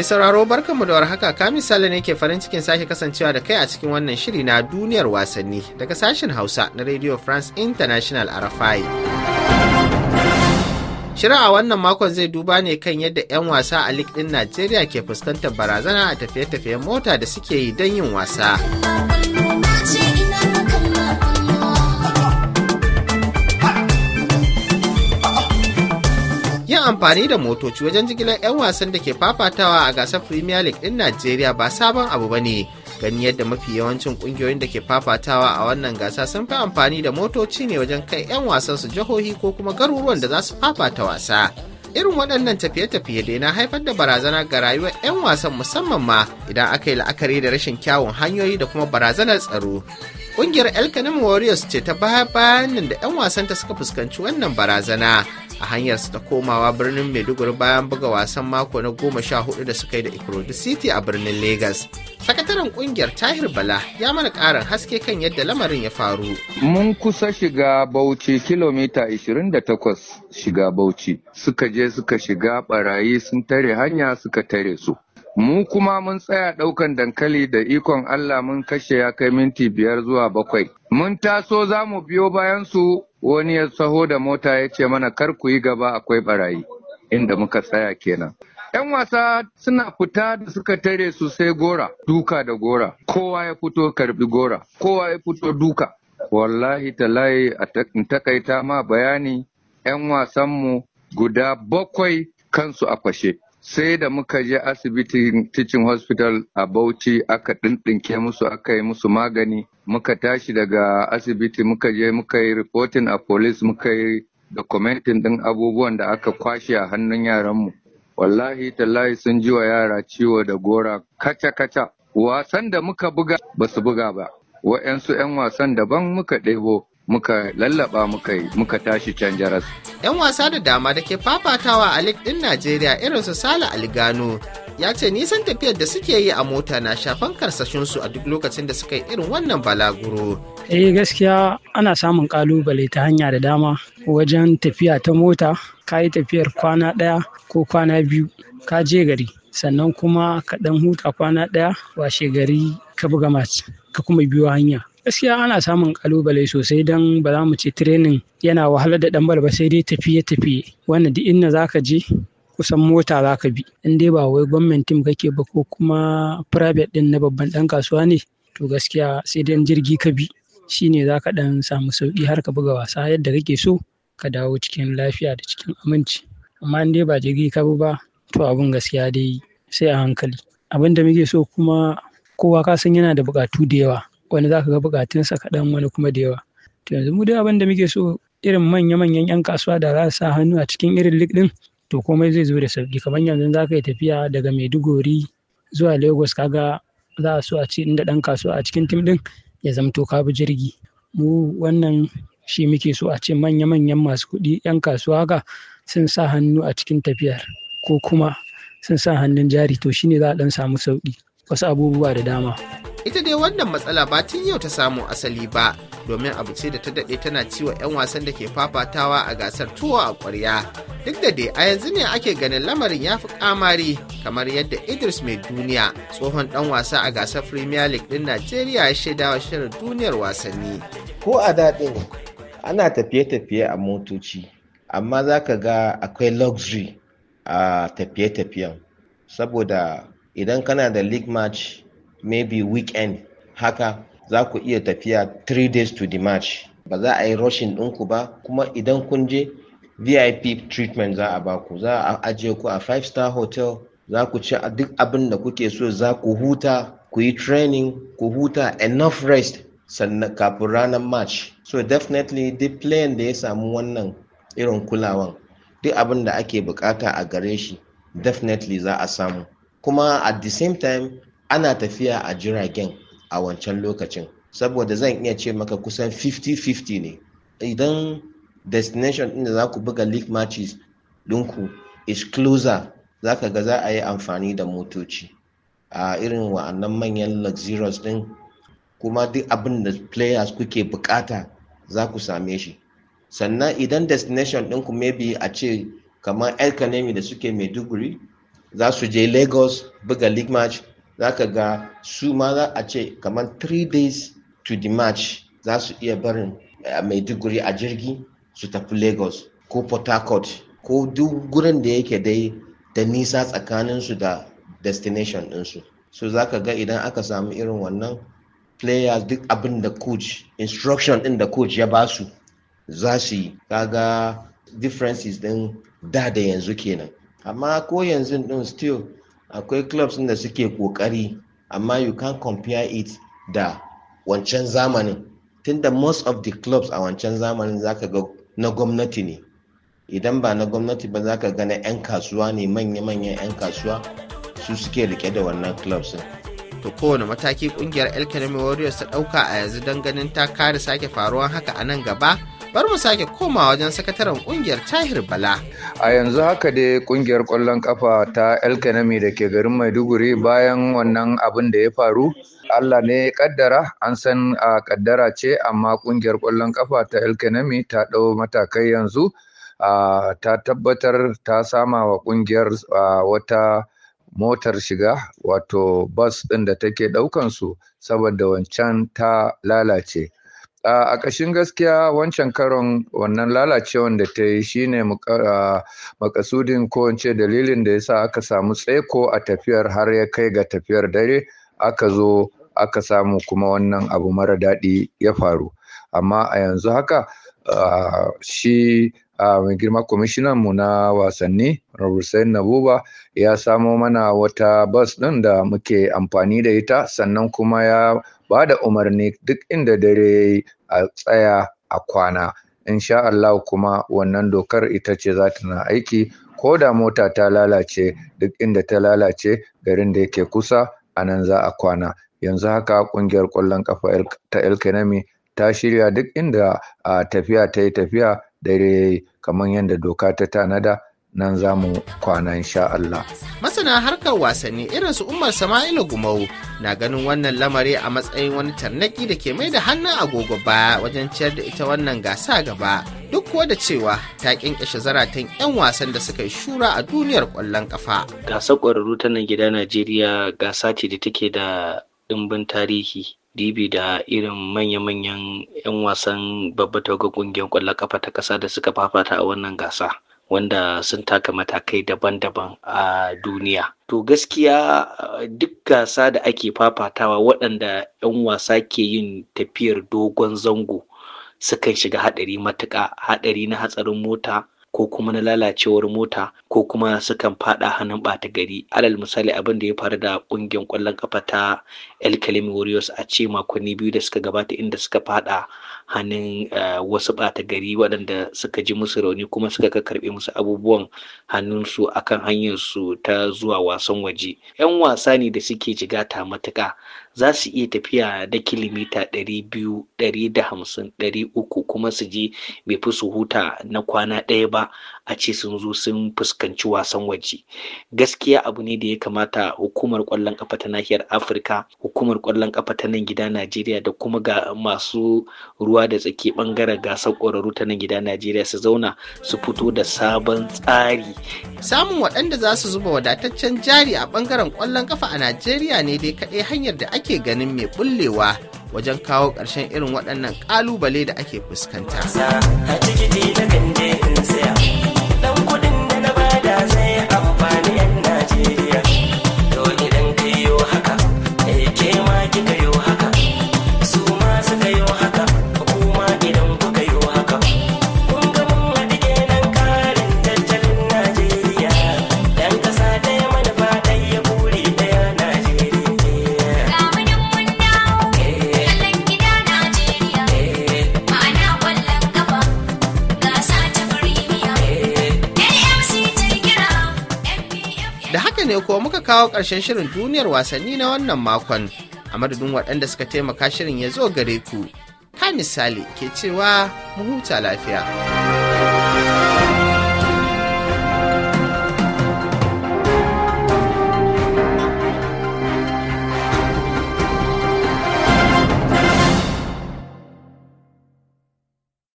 Mai sauraro barkanmu da warhaka ka misali ne ke farin cikin sake kasancewa da kai a cikin wannan shiri na duniyar wasanni daga sashen Hausa na Radio France International a Rafai. Shirin a wannan makon zai duba ne kan yadda 'yan wasa a lig ɗin Najeriya ke fuskantar barazana a tafiye-tafiyen mota da suke yi don yin wasa. amfani da motoci wajen jigilar 'yan wasan da ke fafatawa a gasar Premier League ɗin Najeriya ba sabon abu ba ne. Gani yadda mafi yawancin kungiyoyin da ke fafatawa a wannan gasa sun fi amfani da motoci ne wajen kai 'yan wasan su jihohi ko kuma garuruwan da za su fafata wasa. Irin waɗannan tafiye-tafiye dai na haifar da barazana ga rayuwar 'yan wasan musamman ma idan aka yi la'akari da rashin kyawun hanyoyi da kuma barazanar tsaro. Ƙungiyar Elkanim Warriors ce ta baya bayanin da 'yan wasanta suka fuskanci wannan barazana. a hanyar su ta komawa birnin maiduguri bayan buga wasan mako na goma sha hudu da suka yi da ikurudi city a birnin Legas. sakataren kungiyar tahir bala ya mana karin haske kan yadda lamarin ya faru mun kusa shiga bauchi kilomita 28 shiga bauchi suka je suka shiga barayi sun tare hanya suka tare su mu kuma mun tsaya ɗaukan dankali da ikon Allah mun kashe ya kai minti biyar zuwa bakwai. Mun taso za mu biyo bayan su wani ya saho da mota ya ce mana kar ku yi gaba akwai barayi inda muka tsaya kenan. 'Yan wasa suna fita da suka tare su sai gora, duka da gora, kowa ya fito karbi gora, kowa ya fito duka. Wallahi talayi a takaita ma bayani 'yan wasanmu guda bakwai kansu a kwashe. sai da muka je asibitin teaching hospital a bauchi aka ɗinɗinke musu aka yi musu magani muka tashi daga asibiti muka je muka yi reporting a police muka yi documentin ɗin abubuwan da aka kwashe a hannun yaranmu wallahi tallahi sun ji wa yara ciwo da gora kaca-kaca wasan da muka buga ba su buga ba wa'yansu 'yan wasan daban muka ɗebo muka lallaba muka muka tashi can jaras. 'Yan wasa da dama da ke fafatawa a lig ɗin Najeriya irin su Sala Aligano ya ce nisan tafiyar da suke yi a mota na shafan karsashin su a duk lokacin da suka yi irin wannan balaguro. Eh gaskiya ana samun kalubale ta hanya da dama wajen tafiya ta mota ka yi tafiyar kwana ɗaya ko kwana biyu ka je gari sannan kuma ka ɗan huta kwana ɗaya washe gari ka buga mace ka kuma biyo hanya gaskiya ana samun kalubale sosai don ba za mu ce training yana wahala da dan ba sai dai tafiye-tafiye wanda duk inda ka je kusan mota za ka bi in dai ba wai gwamnatin kake ba ko kuma private din na babban ɗan kasuwa ne to gaskiya sai dai jirgi ka bi shine za ka dan samu sauki har ka buga wasa yadda kake so ka dawo cikin lafiya da cikin aminci amma in dai ba jirgi ka bi ba to abin gaskiya dai sai a hankali abin da muke so kuma kowa ka san yana da buƙatu da yawa wani za ka ga bukatunsa kaɗan wani kuma da yawa to yanzu mu dai abin da muke so irin manya-manyan 'yan kasuwa da za su sa hannu a cikin irin lik ɗin to komai zai zo da sauki kamar yanzu za ka yi tafiya daga maiduguri zuwa lagos kaga za a so a ci inda ɗan kasuwa a cikin tim ɗin ya zamto ka bi jirgi mu wannan shi muke so a ce manya-manyan masu kuɗi 'yan kasuwa haka sun sa hannu a cikin tafiyar ko kuma sun sa hannun jari to shi ne za a ɗan samu sauƙi wasu abubuwa da dama. Ita dai wannan matsala ba tun yau ta samu asali ba domin abu ce da ta daɗe tana ciwo 'yan wasan da ke fafatawa a gasar tuwo a ƙwarya. Duk da dai a yanzu ne ake ganin lamarin ya fi ƙamari kamar yadda Idris mai duniya tsohon ɗan wasa a gasar Premier League ɗin Najeriya ya shaida wa shirin duniyar wasanni. Ko a daɗin ana tafiye-tafiye a motoci amma za ka ga akwai luxury a tafiye-tafiyen saboda idan kana da league match maybe weekend haka za ku iya tafiya 3 days to the match ba za a yi rushing ɗinku ba kuma idan kun je vip treatment za a ba ku za a ajiye ku a 5 star hotel za ku ci duk abin da kuke so za ku huta ku yi training ku huta enough rest sannan kafin ranar match so definitely duk plan da ya samu wannan irin kulawan duk abin da ake bukata a gare shi definitely za a samu kuma at the same time ana tafiya a jiragen a wancan lokacin saboda zan iya ce maka kusan 50-50 ne idan destination ɗin da za ku buga league matches dinku is closer za ka ga za a yi amfani da motoci a irin wa'annan manyan luxurious ɗin kuma duk abin da players kuke bukata za ku same shi sannan idan destination ɗinku maybe a ce kamar el da suke maiduguri za su je lagos buga league match za ka ga su ma za a ce kamar three days to the match za su iya barin eh, maiduguri a jirgi su tafi lagos ko port harcourt ko duk gurin da yake dai da nisa tsakaninsu da destination ɗinsu so za ka ga idan aka samu irin wannan players duk abin da coach instruction ɗin da coach ya ba su za su yi ga differences ɗin da da yanzu kenan amma ko yanzu din still akwai clubs da suke kokari amma you can compare it da wancan zamanin tunda most of the clubs a wancan zamanin zaka ga na gwamnati ne idan ba na gwamnati ba zaka ga na 'yan kasuwa ne manya-manyan 'yan kasuwa su suke rike da wannan clubs to kowane mataki kungiyar el warriors ta dauka a yanzu don ganin ta kare sake faruwan haka a nan gaba bar mu sake koma wajen sakataren kungiyar tahir bala a yanzu haka dai kungiyar kwallon kafa ta elkanami da ke garin maiduguri bayan wannan abin da ya faru allah ne kaddara an san a kaddara ce amma kungiyar kwallon kafa ta elkanami ta ɗau matakai yanzu ta tabbatar ta sama wa kungiyar wata motar shiga wato bas ɗin da take su, saboda wancan ta lalace a ƙashin gaskiya wancan karon wannan lalacewan da ta yi shine makasudin ko wance dalilin da ya sa aka samu tsaiko a tafiyar har ya kai ga tafiyar dare aka zo aka samu kuma wannan abu mara daɗi ya faru amma a yanzu haka shi mai girma kwamishinan mu na wasanni Robert Nabuba ya samo mana wata bus ɗin da muke amfani da ita sannan kuma ya ba da umarni duk inda dare a tsaya a kwana insha Allah kuma wannan dokar ita ce za ta na aiki ko da mota ta lalace duk inda ta lalace garin da yake kusa a nan za a kwana yanzu haka ƙungiyar kwallon ƙafa ta El ta shirya duk inda tafiya ta yi tafiya dare kamar yadda doka ta tanada nan za mu kwana insha Allah. Masana harkar wasanni irin su Umar Sama'ila Gumau na ganin wannan lamari a matsayin wani tarnaki da ke mai da hannun agogo baya wajen ciyar da ita wannan gasa gaba. Duk kuwa da cewa ta kinkashe zaratan 'yan wasan da suka yi shura a duniyar kwallon kafa. Gasar ƙwararru ta nan gida Najeriya gasa ce da take da ɗimbin tarihi dibi da irin manya-manyan 'yan wasan babbar tawagar ƙungiyar ƙwallon ƙafa ta ƙasa da suka fafata a wannan gasa wanda sun taka matakai daban-daban a duniya. To gaskiya duk gasa da ake fafatawa waɗanda 'yan wasa ke yin tafiyar dogon zango sukan shiga haɗari matuka, haɗari na hatsarin mota ko kuma na lalacewar mota ko kuma sukan fada hannun bata gari alal misali abin da ya faru da kungiyar kwallon kafa ta El Warriors a ce makonni biyu da suka gabata inda suka fada hannun eh, wasu ɓata gari waɗanda suka ji musu rauni kuma suka karɓe musu abubuwan hannunsu akan hanyarsu ta zuwa wasan waje 'yan wasa ne da suke jigata matuka, za su iya tafiya da kilomita hamsin ɗari uku kuma su je bai fi su huta na kwana ɗaya ba a ce sun zo sun fuskanci wasan waje gaskiya abu ne da ya kamata hukumar ƙwallon ƙafa ta nahiyar afirka hukumar ƙwallon ƙafa ta nan gida najeriya da kuma ga masu ruwa ruwa da tsaki bangaren gasar ƙwararru ta nan gida najeriya su zauna su fito da sabon tsari samun waɗanda za su zuba wadataccen jari a bangaren ƙwallon kafa a najeriya ne dai kaɗai hanyar da ake ganin mai bullewa wajen kawo ƙarshen irin waɗannan ƙalubale da ake fuskanta. kawo ƙarshen shirin duniyar wasanni na wannan makon a madadin waɗanda suka taimaka shirin ya zo gare ku ta misali ke cewa mu huta lafiya.